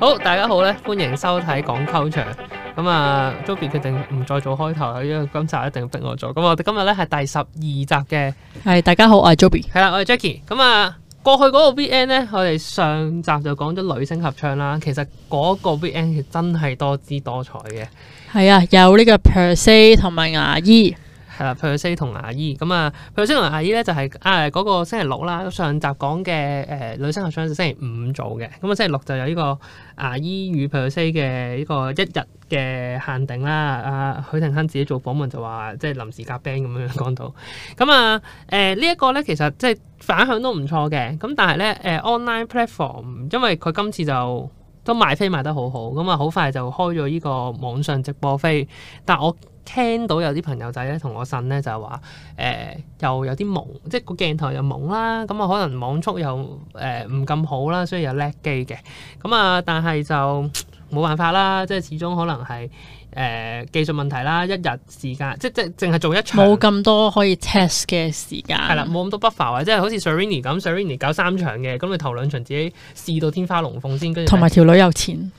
好，大家好咧，歡迎收睇《講溝場》嗯。咁啊 Jobby 決定唔再做開頭，因為今集一定要逼我做。咁、嗯、我哋今日咧係第十二集嘅。係，大家好，我係 Jobby，係啦，我係 Jackie、嗯。咁、嗯、啊，過去嗰個 V N 咧，我哋上集就講咗女聲合唱啦。其實嗰個 V N 真係多姿多彩嘅。係啊，有呢個 Perse 同埋牙醫。係啦，Percy 同牙醫咁啊，Percy 同牙醫咧就係、是、啊嗰、那個星期六啦，上集講嘅誒，女生合唱就星期五做嘅，咁、嗯、啊星期六就有呢、這個牙醫、啊、與 Percy 嘅呢個一日嘅限定啦。阿、啊、許廷鏗自己做訪問就話，即係臨時夾 band 咁樣講到，咁、嗯、啊誒、呃這個、呢一個咧其實即係反響都唔錯嘅，咁但係咧誒 online platform 因為佢今次就都賣飛賣得好好，咁啊好快就開咗呢個網上直播飛，但我。聽到有啲朋友仔咧同我呻咧就係話，誒、欸、又有啲朦，即係個鏡頭又朦啦，咁啊可能網速又誒唔咁好啦，所以又叻機嘅，咁啊但係就冇辦法啦，即係始終可能係誒、欸、技術問題啦，一日時間即即淨係做一場，冇咁多可以 test 嘅時間，係啦，冇咁多 buffer，即係好似 Sereni 咁，Sereni 搞三場嘅，咁你頭兩場自己試到天花龍鳳先，跟住同埋條女有錢，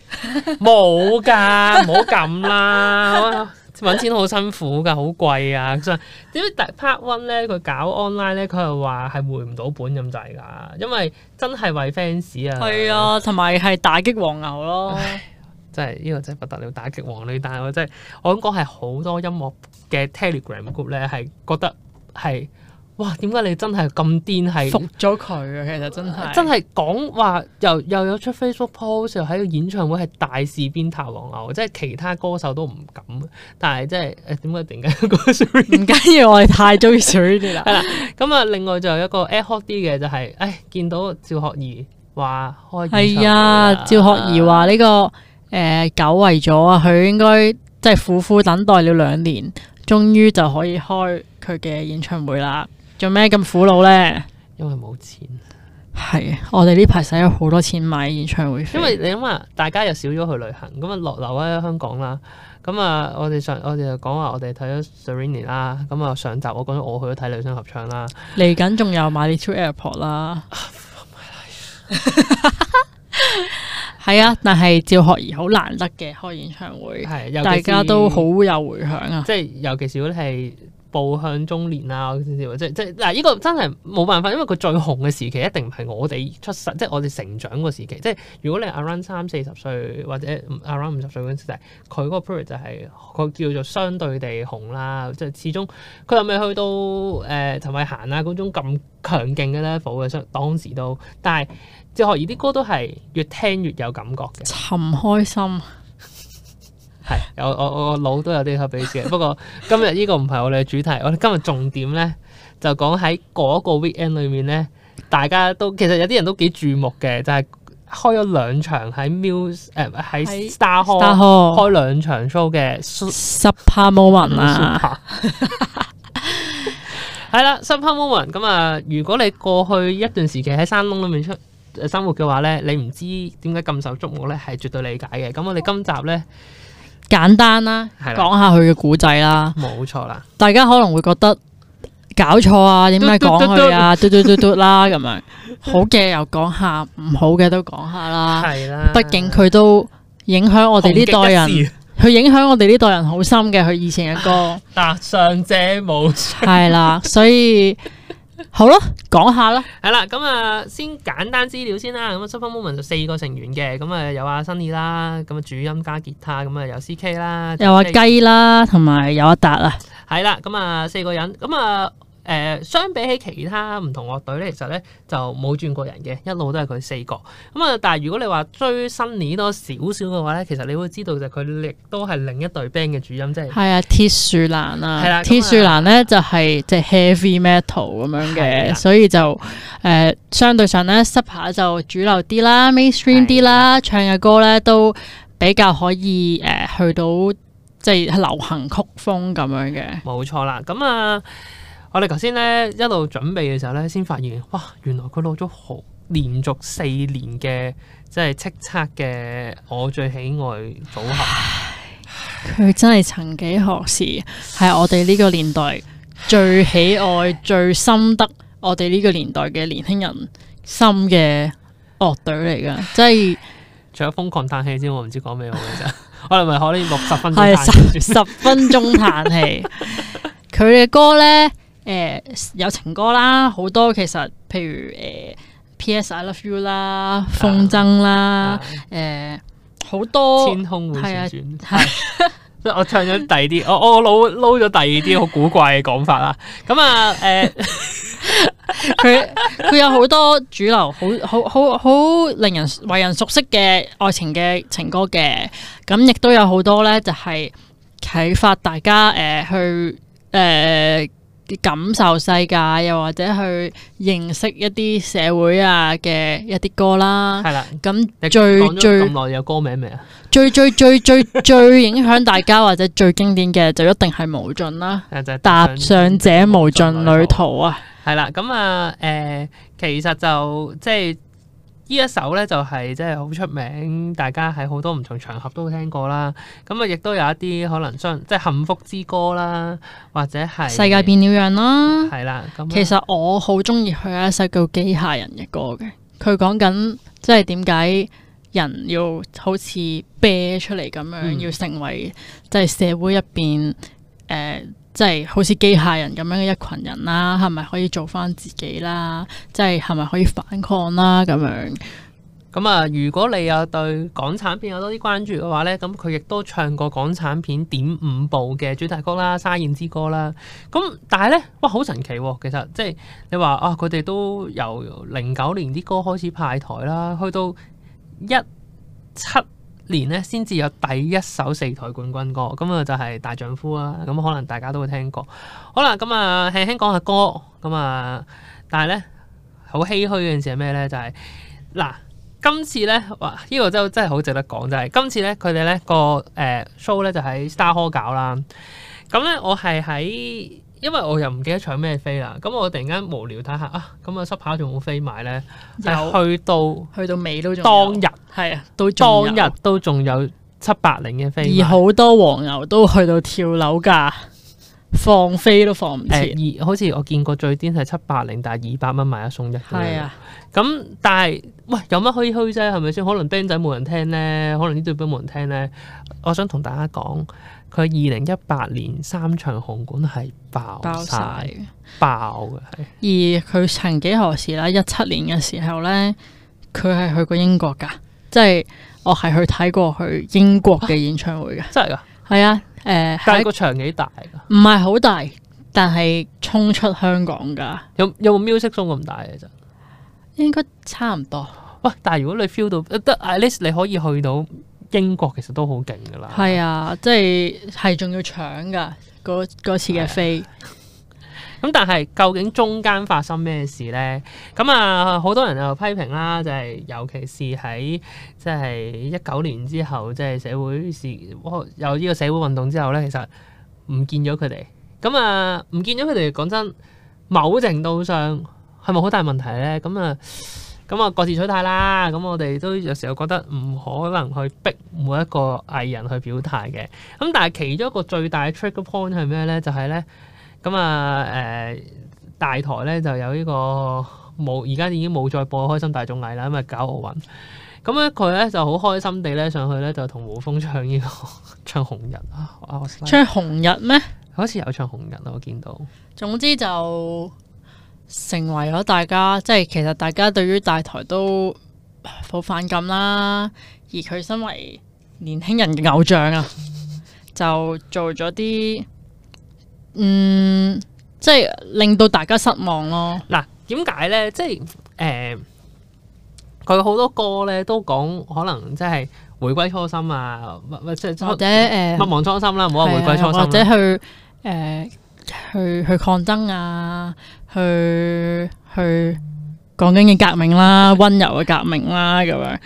冇㗎，唔好撳啦。揾 錢好辛苦㗎，好貴啊！真點解第 part one 咧佢搞 online 咧，佢係話係回唔到本咁滯㗎？因為真係為 fans 啊，係啊，同埋係打擊黃牛咯。唉，真係呢、這個真係不得了，打擊黃牛，但係我真係我諗講係好多音樂嘅 Telegram group 咧，係覺得係。哇！點解你真係咁癲？係服咗佢啊！其實真係真係講話又又有出 Facebook post，喺個演唱會係大肆鞭撻黃牛，即係其他歌手都唔敢。但係即係誒點解點解 s 唔緊要，我哋太追 s 啲啦 了。咁啊，另外就有一個 echo 啲嘅，就係、是、誒、哎、見到趙學而話開演唱會啊、哎，趙學而話呢個誒、呃、久違咗啊，佢應該即係苦苦等待了兩年，終於就可以開佢嘅演唱會啦。做咩咁苦惱咧？因為冇錢。係啊，我哋呢排使咗好多錢買演唱會票。因為你諗下，大家又少咗去旅行，咁啊落留喺香港啦。咁啊，我哋上我哋就講話，我哋睇咗 Serrini 啦。咁啊，上集我講咗我去咗睇女生合唱啦。嚟緊仲有買啲 t r u a i r p o r t 啦。係啊，但係趙學而好難得嘅開演唱會，係大家都好有回響啊。即係，尤其是如係。步向中年啊，即係即係嗱，呢個真係冇辦法，因為佢最紅嘅時期一定唔係我哋出世，即係我哋成長個時期。即係如果你 around 三四十歲，或者 around 五十歲嗰陣時，就係佢嗰個 period 就係佢叫做相對地紅啦。即係始終佢係未去到誒陳慧嫻啦嗰種咁強勁嘅咧火嘅，相當時都。但係趙學而啲歌都係越聽越有感覺嘅。尋開心。係，我我我腦都有啲黑筆嘅。不過今日呢個唔係我哋嘅主題，我哋今日重點咧就講喺嗰個 weekend 裏面咧，大家都其實有啲人都幾注目嘅，就係、是、開咗兩場喺 mus 誒、呃、喺 Star Hall 開開兩場 show 嘅 Supper Moment 啊。係啦，Supper Moment 咁啊。如果你過去一段時期喺山窿裏面出、呃、生活嘅話咧，你唔知點解咁受矚目咧，係絕對理解嘅。咁我哋今集咧。 簡單啦，係啦，講的下佢嘅古仔啦，冇錯啦。大家可能會覺得搞錯啊，點解講佢啊，嘟嘟嘟嘟啦咁 樣。好嘅又講下，唔好嘅都講下啦，係啦。畢的竟佢都影響我哋呢代人，佢影響我哋呢代人好深嘅，佢以前嘅歌。搭 上者冇錯，係啦，所以。好啦，講下啦，係啦，咁啊，先簡單資料先啦，咁啊，Super Moment 就四個成員嘅，咁啊，有阿 Sunny 啦，咁啊，主音加吉他，咁啊，有 CK 啦，有阿雞啦，同埋有阿達啊，係啦，咁啊、嗯嗯嗯，四個人，咁、嗯、啊。嗯誒，相比起其他唔同樂隊咧，其實咧就冇轉過人嘅，一路都係佢四個。咁啊，但係如果你追話追新年多少少嘅話咧，其實你會知道就佢亦都係另一隊 band 嘅主音，即係係啊鐵樹蘭啊，鐵樹蘭咧就係隻 heavy metal 咁樣嘅，所以就誒、啊、相對上咧 supper 就主流啲啦，mainstream 啲啦，唱嘅歌咧都比較可以誒、啊、去到即係、就是、流行曲風咁樣嘅。冇錯啦，咁啊。我哋頭先咧一路準備嘅時候咧，先發現哇，原來佢攞咗好連續四年嘅即係叱咤嘅我最喜愛組合。佢真係曾幾何時係我哋呢個年代最喜愛、 最深得我哋呢個年代嘅年輕人心嘅樂隊嚟噶即係除咗瘋狂嘆氣之外，我唔知講咩好嘅咋，我哋咪可以六 十， 十分係十十分鐘嘆氣。佢嘅歌咧，誒、呃，有情歌啦，好多其實，譬如誒、呃《P.S. I Love You》啦，風箏啦，誒、啊，好、啊呃、多天空會旋轉。即係我唱咗第二啲，我我腦撈咗第二啲好古怪嘅講法啦。咁啊，誒，佢佢有好多主流好好好好令人為人熟悉嘅愛情嘅情歌嘅，咁亦都有好多咧，就係啟發大家誒、呃、去誒。呃感受世界，又或者去認識一啲社會啊嘅一啲歌啦。係啦的，咁最最咁耐有歌名未啊最 最最最最最影響大家或者最經典嘅就一定係無盡啦。就是、踏上者無盡旅途啊！係啦，咁啊，誒、呃，其實就即係。呢一首咧就係真係好出名，大家喺好多唔同場合都聽過啦。咁啊，亦都有一啲可能像即係幸福之歌啦，或者係世界變了樣啦。係啦，啊、其實我好中意佢一首叫《機械人》嘅歌嘅，佢講緊即係點解人要好似啤出嚟咁樣，嗯、要成為即係社會入邊誒。呃即係好似機械人咁樣嘅一群人啦，係咪可以做翻自己啦？即係係咪可以反抗啦？咁樣咁啊！如果你有對港產片有多啲關注嘅話呢，咁佢亦都唱過港產片點五步嘅主題曲啦，《沙燕之歌》啦。咁但係呢，哇，好神奇啊！其實即係你話啊，佢哋都由零九年啲歌開始派台啦，去到一七。年咧，先至有第一首四台冠軍歌，咁啊就係、是、大丈夫啦，咁可能大家都會聽過。好啦，咁啊輕輕講下歌，咁啊，但係咧好唏嘘嘅件事係咩咧？就係、是、嗱，今次咧，哇，呢、這個真真係好值得講，就係、是、今次咧，佢哋咧個誒、呃、show 咧就喺、是、Star Hall 搞啦，咁咧我係喺。因為我又唔記得搶咩飛啦，咁我突然間無聊睇下啊，咁啊濕跑仲冇飛買咧，有去到去到尾都有當日係啊，都當日都仲有七百零嘅飛，而好多黃牛都去到跳樓價，放飛都放唔切。而、哎、好似我見過最癲係七百零，但係二百蚊買一送一嘅。係啊的，咁但係喂，有乜虛虛啫？係咪先？可能 band 仔冇人聽咧，可能呢隊兵冇人聽咧。我想同大家講。佢二零一八年三場紅館係爆晒嘅，爆嘅了係。而佢曾幾何時啦？一七年嘅時候咧，佢係去過英國噶，即係我係去睇過去英國嘅演唱會嘅、啊，真係噶。係啊，誒、呃，但係是個場幾大噶？唔係好大，但係衝出香港噶。有有冇 music 冲咁大嘅啫？應該差唔多。喂、啊，但係如果你 feel 到，得 at least 你可以去到。英國其實都好勁噶啦，係啊，即係係仲要搶噶嗰次嘅飛。咁啊，但係究竟中間發生咩事咧？咁啊，好多人又批評啦，就係、是、尤其是喺即係一九年之後，即、就、係、是、社會事有呢個社會運動之後咧，其實唔見咗佢哋。咁啊，唔見咗佢哋，講真，某程度上係咪好大問題咧？咁啊～咁啊，各自取態啦。咁我哋都有時候覺得唔可能去逼每一個藝人去表態嘅。咁但係其中一個最大嘅 trigger point 係咩咧？就係、是、咧，咁啊誒大台咧就有呢、這個冇而家已經冇再播《開心大眾藝》啦，因為搞奧運。咁咧佢咧就好開心地咧上去咧就同胡楓唱呢、這個唱紅日啊！唱紅日咩？啊、ide, 日好似有唱紅日咯，我見到。總之就。成為咗大家，即係其實大家對於大台都好反感啦。而佢身為年輕人嘅偶像啊，就做咗啲，嗯，即係令到大家失望咯。嗱，點解咧？即係，誒，佢好多歌咧都講，可能即係回歸初心啊，或者誒，勿忘初心啦，唔好話回歸初心或者去誒。去去抗爭啊，去去講緊嘅革命啦，溫柔嘅革命啦，咁樣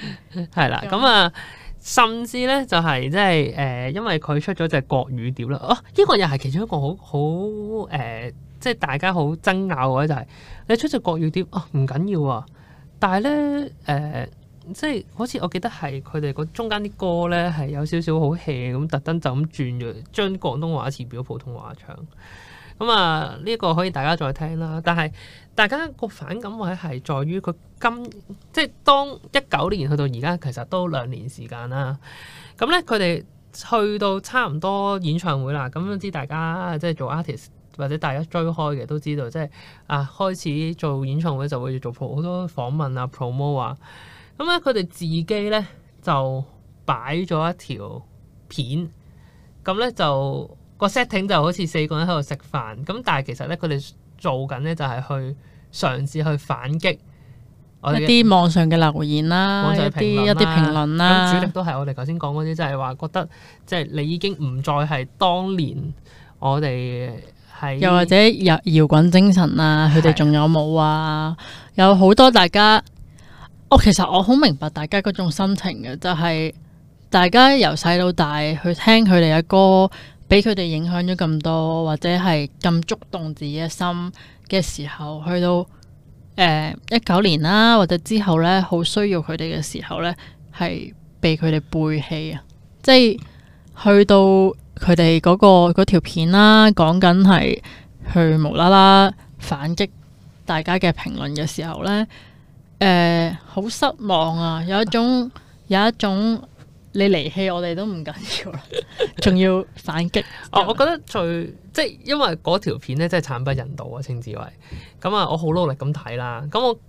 係啦。咁啊，甚至咧就係即係誒，因為佢出咗隻國語碟啦。哦，呢個又係其中一個好好誒，即係大家好爭拗嘅位就係、是、你出隻國語碟哦，唔緊要啊。但係咧誒，即係好似我記得係佢哋個中間啲歌咧係有少少好 hea 咁，特登就咁轉咗將廣東話詞表普通話唱。咁啊，呢個可以大家再聽啦。但係大家個反感位係在於佢今即係當一九年去到而家，其實都兩年時間啦。咁咧，佢哋去到差唔多演唱會啦。咁知大家即係做 artist 或者大家追開嘅都知道，即係啊開始做演唱會就會做好多訪問啊 promo 啊。咁咧，佢哋自己咧就擺咗一條片，咁咧就。個 setting 就好似四個人喺度食飯，咁但係其實咧，佢哋做緊咧就係去嘗試去反擊一啲網上嘅留言啦，或者一啲評論啦。主力都係我哋頭先講嗰啲，就係、是、話覺得即係你已經唔再係當年我哋係，又或者有搖滾精神啊？佢哋仲有冇啊？是的 有好多大家，我、哦、其實我好明白大家嗰種心情嘅，就係、是、大家由細到大去聽佢哋嘅歌。俾佢哋影響咗咁多，或者係咁觸動自己嘅心嘅時候，去到呃，一九年啦，或者之後呢，好需要佢哋嘅時候呢，係俾佢哋背棄啊！即係去到佢哋嗰個嗰條片啦，講緊係去無啦啦反擊大家嘅評論嘅時候呢，誒，好失望啊！有一種，有一種。你離棄我哋都唔緊要啦，仲要反擊、 啊。我覺得最即係因為嗰條片咧真係慘不忍睹啊！清子慧，咁啊，我好努力咁睇啦。咁我誒、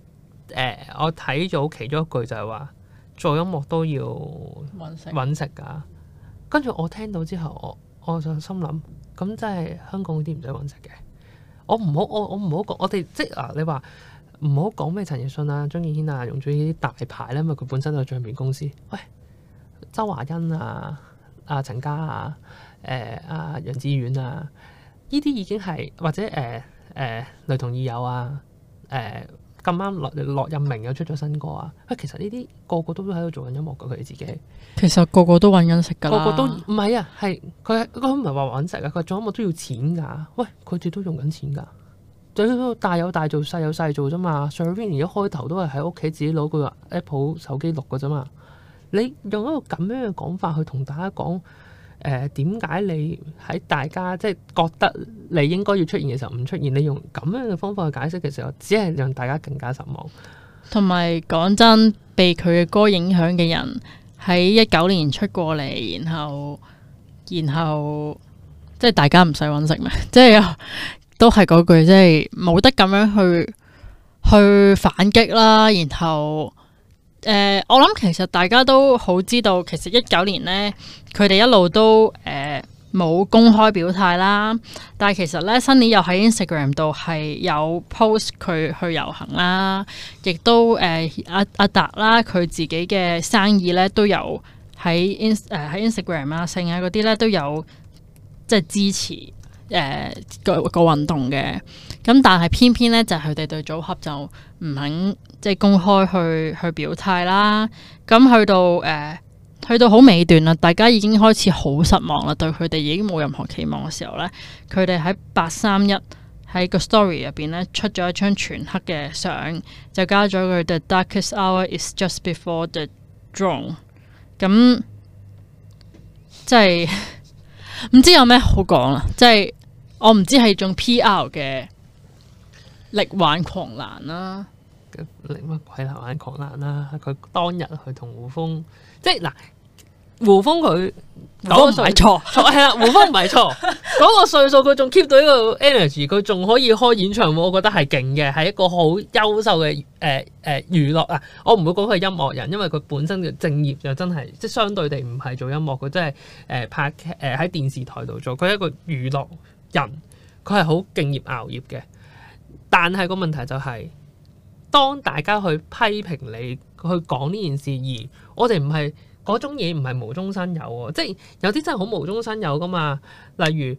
呃、我睇咗其中一句就係話做音樂都要揾食揾食㗎。跟住我聽到之後，我我就心諗，咁真係香港嗰啲唔使揾食嘅。我唔好我我唔好講我哋即係嗱、啊，你話唔好講咩陳奕迅啊、張敬軒啊、容祖兒啲大牌咧，因為佢本身都有唱片公司。喂！周華欣啊、阿陳嘉啊、誒、阿楊志遠啊，呢、呃、啲、啊啊、已經係或者誒誒、呃呃、雷同已有啊。誒咁啱落落任明又出咗新歌啊。喂、哎，其實呢啲個個都喺度做緊音樂噶，佢哋自己。其實個個都揾緊食噶，個個都唔係啊，係佢佢唔係話揾食啊。佢做音樂都要錢噶。喂，佢哋都用緊錢噶，就喺度大有大做，細有細做啫嘛。Serrini 一開頭都係喺屋企自己攞個 Apple 手機錄噶啫嘛。你用一個咁樣嘅講法去同大家講，誒點解你喺大家即係覺得你應該要出現嘅時候唔出現？你用咁樣嘅方法去解釋嘅時候，只係讓大家更加失望。同埋講真，被佢嘅歌影響嘅人喺一九年出過嚟，然後然後即係大家唔使搵食咩？即係都係嗰句，即係冇得咁樣去去反擊啦，然後。然後。誒、呃，我諗其實大家都好知道，其實一九年呢，佢哋一路都誒冇、呃、公開表態啦。但係其實咧，新年又喺 Instagram 度係有 post 佢去遊行啦，亦都誒、呃、阿阿達啦，佢自己嘅生意咧都有喺 in、呃、喺 Instagram 啊、性啊嗰啲咧都有即係支持誒、呃、個個運動嘅。咁但係偏偏咧，就係佢哋對組合就唔肯即係公開去去表態啦。咁去到誒，去到好尾段啦，大家已經開始好失望啦，對佢哋已經冇任何期望嘅時候咧，佢哋喺八三一喺個 story 入邊咧出咗一張全黑嘅相，就加咗佢 The Darkest Hour is just before the dawn。咁即係唔知有咩好講啦。即係我唔知係仲 PR 嘅。力挽狂瀾啦、啊，力乜鬼啦、啊？力挽狂瀾啦！佢當日去同胡峰，即係嗱胡峰佢講唔係，錯，錯係啦。胡峰唔係錯，嗰說 個歲數佢仲 keep 到呢個 energy，佢仲可以開演唱會，我覺得係勁嘅，係一個好優秀嘅誒誒娛樂啊。我唔會講佢係音樂人，因為佢本身嘅正業就真係即係相對地唔係做音樂，佢真係誒拍劇誒喺電視台度做，佢係一個娛樂人，佢係好敬業熬業嘅。但係個問題就係、是，當大家去批評你去講呢件事，而我哋唔係嗰種嘢，唔係無中生有啊！即係有啲真係好無中生有噶嘛，例如誒誒、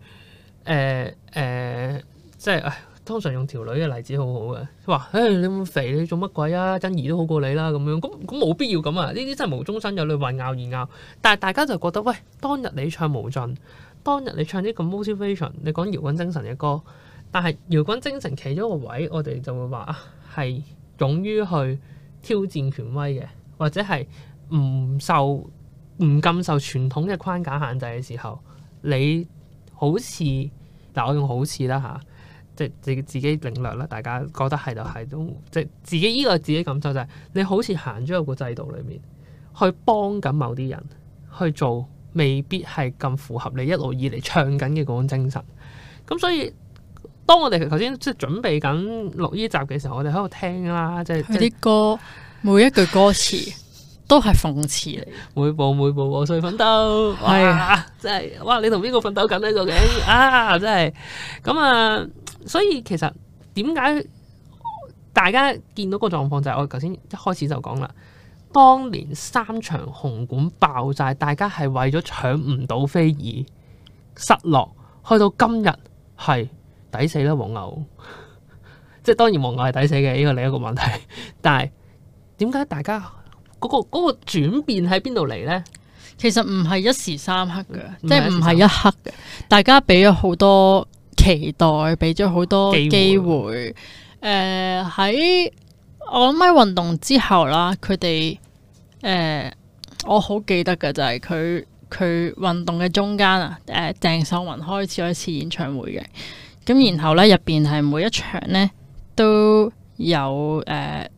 呃呃，即係通常用條女嘅例子好好嘅，話誒、哎、你咁肥，你做乜鬼啊？真義都好過你啦，咁樣咁咁冇必要咁啊！呢啲真係無中生有，你為拗而拗，但係大家就覺得喂，當日你唱無盡，當日你唱呢個 motivation，你講搖滾精神嘅歌。但係，搖滾精神企咗個位，我哋就會話係勇於去挑戰權威嘅，或者係唔受唔禁受傳統嘅框架限制嘅時候，你好似嗱，但我用好似啦吓、啊，即係自己自己領略啦。大家覺得係就係、是、都即係自己呢個自己感受就係、是、你好似行咗入個制度裏面去幫緊某啲人去做，未必係咁符合你一路以嚟唱緊嘅嗰種精神。咁所以。當我哋頭先即係準備緊錄呢集嘅時候，我哋喺度聽啦，即係啲歌，即每一句歌詞唉都係諷刺嚟。每部每部我碎奮鬥，啊，即係哇，你同邊個奮鬥緊呢？究竟啊，真係咁啊。所以其實點解大家見到個狀況就係，我頭先一開始就講啦，當年三場紅館爆炸，大家係為咗搶唔到飛而，失落去到今日係。抵死啦！黃牛，即係當然黃牛係抵死嘅。呢個另一個問題，但係點解大家嗰、個嗰、個轉變喺邊度嚟呢？其實唔係一時三刻嘅，嗯、刻即係唔係一刻嘅。大家俾咗好多期待，俾咗好多機會。誒喺會、呃、我諗喺運動之後啦，佢哋誒我好記得嘅就係佢佢運動嘅中間啊。誒、呃、鄭秀文開始一次演唱會嘅。咁然後咧，入邊係每一場咧都有誒，都有、呃、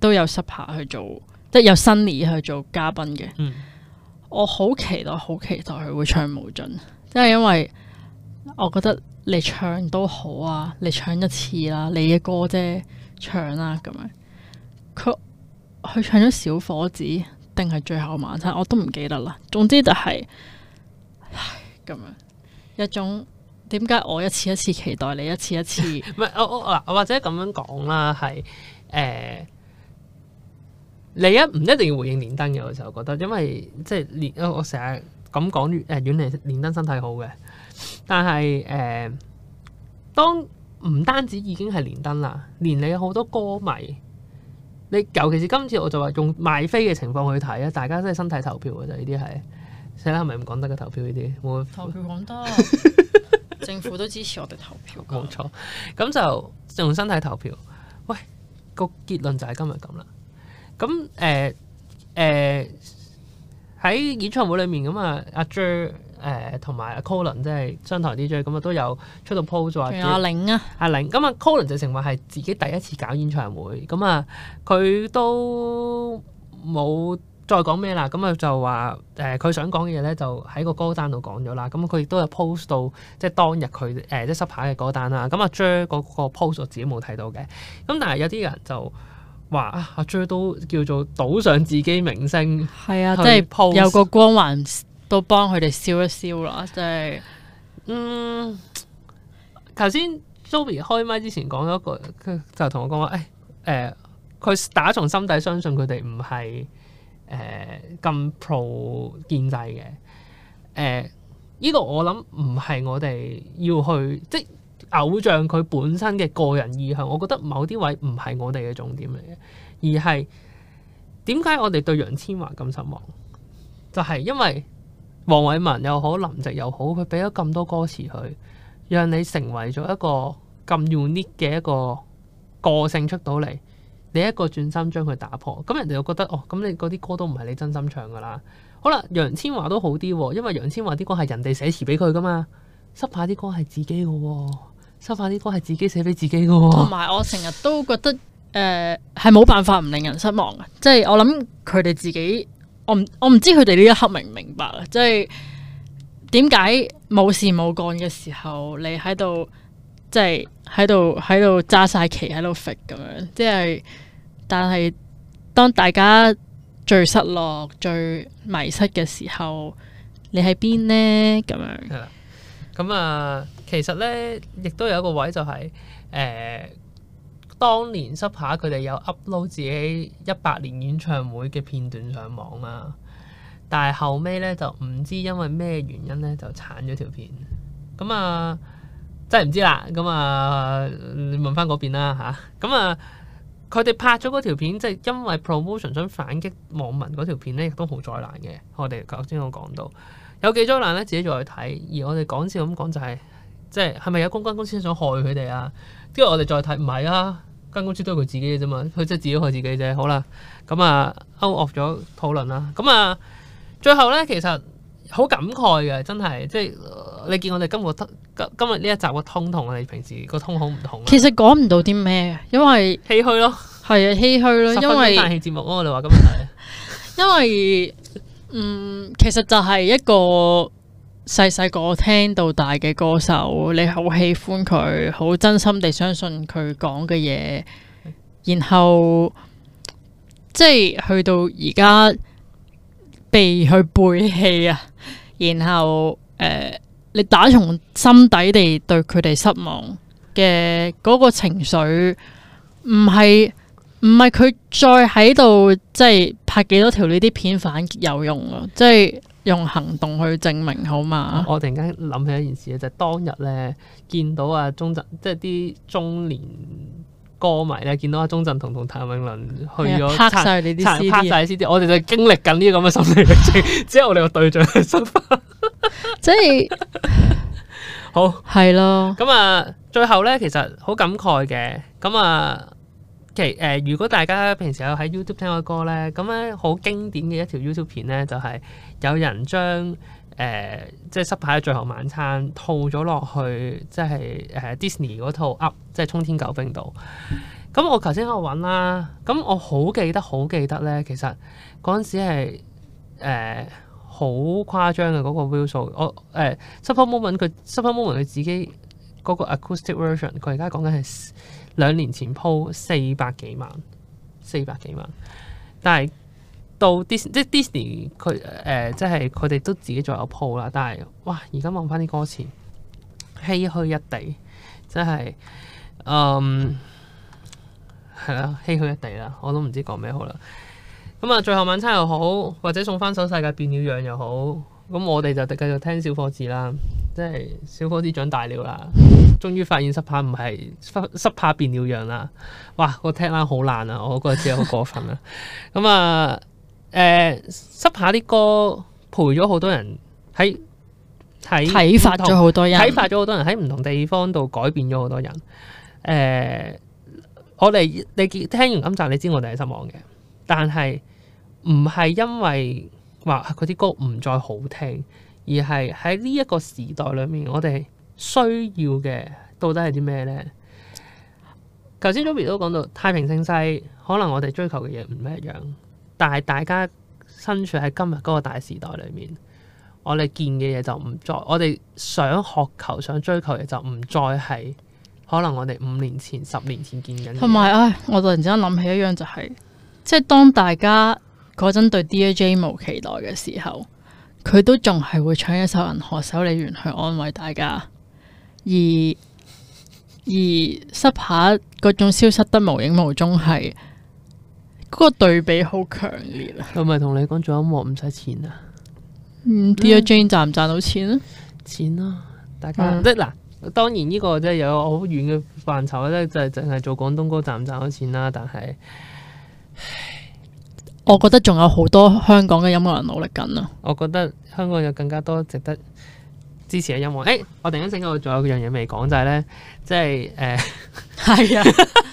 都有 super 去做，即係有新尼去做嘉賓嘅。嗯、我好期待，好期待佢會唱無盡，即係因為我覺得你唱都好啊，你唱一次啦、啊，你嘅歌啫，唱啦、啊、咁樣。佢佢唱咗小伙子，定係最後晚餐，我都唔記得啦。總之就係、唉、咁樣一種。點解我一次一次期待你一次一次？唔係我我嗱，或者咁樣講啦，係誒、呃，你一唔一定要回應連登嘅？我就覺得，因為即係連我成日咁講，誒，遠離連登身體好嘅，但係誒、呃，當唔單止已經係連登啦，連你有好多歌迷，你尤其是今次我就話用賣飛嘅情況去睇啊，大家真係身體投票嘅就呢啲係，睇下係咪唔講得嘅投票呢啲冇？投票講得。 政府都支持我哋投票，冇錯。咁就用身體投票。喂，個結論就係今日咁啦。咁誒誒喺演唱會裏面咁啊、er, 呃，阿 J 誒同埋阿 Colin 即係商台 DJ，咁啊都有出到 post 仲有玲啊，阿玲、啊，咁、嗯、啊，Colin 就承認係自己第一次搞演唱會，咁、嗯、啊佢都冇再講咩啦？咁啊就、呃、話誒，佢想講嘅嘢咧，就喺個歌單度講咗啦。咁佢亦都有 post 到即係當日佢誒、呃、即係濕鞋嘅歌單啦。咁、啊、阿 j o、er、嗰、那個 post 我自己冇睇到嘅。咁但係有啲人就話阿、啊、j、er、都叫做賭上自己明星，係啊，他即係有個光環都幫佢哋笑一笑咯。即、就、係、是、嗯，頭先 Joby 開麥之前講咗一個，就同我講話誒誒，佢、哎呃、打從心底相信佢哋唔係。誒咁、呃、pro 建制嘅，誒、呃、依、這個我諗唔係我哋要去，即偶像佢本身嘅個人意向。我覺得某啲位唔係我哋嘅重點嚟嘅，而係點解我哋對楊千嬅咁失望？就係、是、因為黃偉文又好，林夕又好，佢俾咗咁多歌詞佢，讓你成為咗一個咁 unique 嘅一個個性出到嚟。第一個轉身將佢打破，咁人哋又覺得哦，咁你嗰啲歌都唔係你真心唱噶啦。好啦，楊千嬅都好啲，因為楊千嬅啲歌係人哋寫詞俾佢噶嘛，濕化啲歌係自己噶，濕化啲歌係自己寫俾自己噶。同埋我成日都覺得誒，係、呃、冇辦法唔令人失望嘅，即、就、係、是、我諗佢哋自己，我唔我唔知佢哋呢一刻明唔明白啊，即係點解冇事冇乾嘅時候，你喺度即係喺度喺度揸晒旗，喺度 fit 咁樣，即、就、係、是。但係，當大家最失落、最迷失嘅時候，你喺邊呢？咁樣、嗯、咁、嗯、啊、嗯，其實呢，亦都有一個位就係、是，誒、呃，當年濕下佢哋有 upload 自己一百年演唱會嘅片段上網啊，但係後尾呢，就唔知因為咩原因呢，就鏟咗條片，咁、嗯、啊、嗯，真係唔知啦，咁、嗯、啊，你、嗯、問翻嗰邊啦吓，咁、嗯、啊。嗯嗯嗯嗯嗯佢哋拍咗嗰條片，即係因為 promotion 想反擊網民嗰條片咧，亦都好災難嘅。我哋頭先我講到有幾災難咧，自己再去睇。而我哋講笑咁講就係、是，即係係咪有公關公司想害佢哋啊？跟住我哋再睇，唔係啊，公關公司都係佢自己嘅啫嘛，佢即係自己害自己啫。好啦，咁、嗯、啊 out off 咗討論啦。咁、嗯、啊，最後咧其實好感慨嘅，真係即係。你見我哋今日今日呢一集個通同我哋平時個通好唔同。其實講唔到啲咩，因為唏噓咯，係啊，唏噓咯，因為大戲節目咯。我哋話今日係因為嗯，其實就係一個細細個聽到大嘅歌手，你好喜歡佢，好真心地相信佢講嘅嘢，然後即係去到而家被佢背棄啊，然後誒。呃你打從心底地對佢哋失望嘅嗰個情緒，唔係唔係佢再喺度即係拍幾多條呢啲片反有用啊？即係用行動去證明好嘛？我突然間諗起一件事就就係當日咧見到阿、啊、中澤，即係啲中年。歌迷咧，見到阿鍾鎮同同譚詠麟去咗，殘拍曬啲 CD，你 CD、啊、我哋就經歷緊呢咁嘅心理歷程。 之後我哋個對象係新，即 係以好係咯。咁啊的，最後咧其實好感慨嘅。咁啊，其誒、呃，如果大家平時有喺 YouTube 聽我歌咧，咁咧好經典嘅一條 YouTube 片咧，就係有人將。誒、呃，即係濕牌嘅最後晚餐，套咗落去，即係誒 Disney 嗰套 Up，即係《沖天救兵》度。咁、嗯嗯、我頭先喺度揾啦，咁我好記得，好記得咧。其實嗰陣時係好誇張嘅嗰個 View 數，我誒 Supper、呃、Moment 佢 Supper Moment 佢 mom 自己嗰、那個 Acoustic Version，佢而家講緊係兩年前鋪四百幾萬，四百幾萬，但係。到 dis 即係 Disney 佢誒，即係佢哋都自己仲有鋪啦。但係哇，而家望翻啲歌詞，唏噓一地，真係嗯係啦，唏噓一地啦。我都唔知講咩好啦。咁啊，最後晚餐又好，或者送翻首世界變了樣又好。咁我哋就繼續聽《小伙子》啦，即係《小伙子》長大了啦，終於發現濕怕唔係濕濕帕變了樣啦。哇，聽個踢籃好爛啊，我嗰個字好過分啊。咁啊～誒，濕、呃、下啲歌陪咗好多人喺喺啟發咗好多人，睇發咗好多人喺唔同地方度改變咗好多人。誒、呃，我哋你聽完今集，你知我哋係失望嘅，但係唔係因為話佢啲歌唔再好聽，而係喺呢一個時代裏面，我哋需要嘅到底係啲咩咧？頭先 Joby 都講到太平盛世，可能我哋追求嘅嘢唔一樣。但係大家身處喺今日嗰個大時代裏面，我哋見嘅嘢就唔再，我哋想渴求、想追求嘅就唔再係可能我哋五年前、十年前見緊。同埋，唉，我突然之間諗起一樣就係、是，即係當大家嗰陣對 D J 無期待嘅時候，佢都仲係會唱一首《銀河修理員》去安慰大家，而而濕下嗰種消失得無影無蹤係。嗰個對比好強烈啊！我咪同你講做音樂唔使錢啊！嗯，Dear Jane 賺唔賺到錢，錢啊？錢啦，大家、嗯、即嗱，當然呢個即係有好遠嘅範疇啦，即係淨係做廣東歌賺唔賺到錢啦。但係，我覺得仲有好多香港嘅音樂人努力緊啊！我覺得香港有更加多值得支持嘅音樂。誒、欸，我突然間醒起，我仲有樣嘢未講，就係、是、咧，即係誒，係是啊。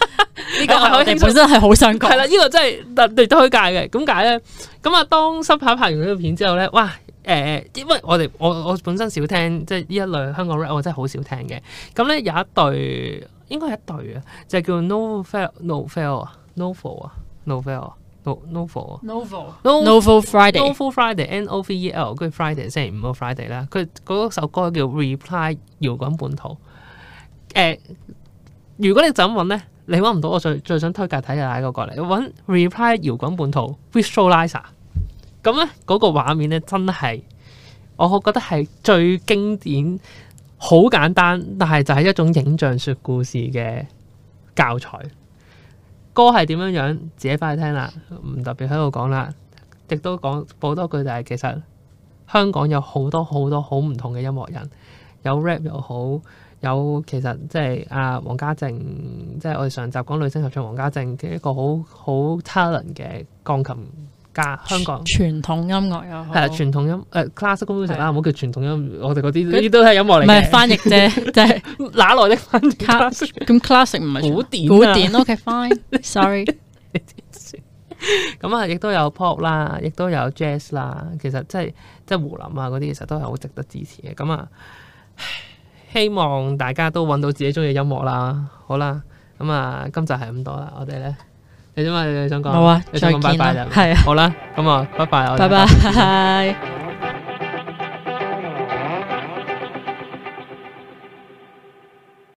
我哋本身係好想講係啦，呢、 呢個真係特別推介嘅。點解咧？咁啊，當新拍拍完呢個片之後咧，哇！誒、呃，因為我哋我我本身少聽即係呢一類香港 rap，我真係好少聽嘅。咁咧，有一隊應該係一隊啊，就係、是、叫 Novel No Novel 啊，Novel No Novel Novel Novel Friday Novel no Friday N O V E L 跟住 Friday 星期五 Friday 啦。佢嗰首歌叫 Reply 搖滾本土，誒、呃。如果你就咁揾咧？你揾唔到我最最想推介睇嘅那個過嚟，我揾 Reply 搖滾本土 Visualizer，咁咧嗰個畫面咧真係，我覺得係最經典，好簡單，但係就係一種影像說故事嘅教材。歌係點樣樣，自己翻去聽啦，唔特別喺度講啦，亦都講補多句就係，其實香港有好多好多好唔同嘅音樂人。有 rap 又好，有其實即係阿黃家正，即、就、係、是、我哋上集講女聲合唱黃家正嘅一個好好 talent 嘅鋼琴家，香港傳統音樂又好係、嗯、傳統音誒 classical 啦，唔、呃、好對叫傳統音樂，我哋嗰啲啲都係音樂嚟嘅。唔係翻譯啫，即、就、係、是、 哪來的翻譯？咁 classical 唔係古典、啊、古典，OK fine，sorry。咁啊 道，亦 都有 pop 啦，亦都有 jazz 啦。其實即係即係胡琳啊嗰啲，其實都係好值得支持嘅。咁啊～希望大家都揾到自己中意嘅音樂啦，好啦，咁啊，今集係咁多啊啦，我哋咧，你點啊想講？好啊，拜拜啦 bye，係， 好啦，咁啊，拜拜，我哋。拜拜。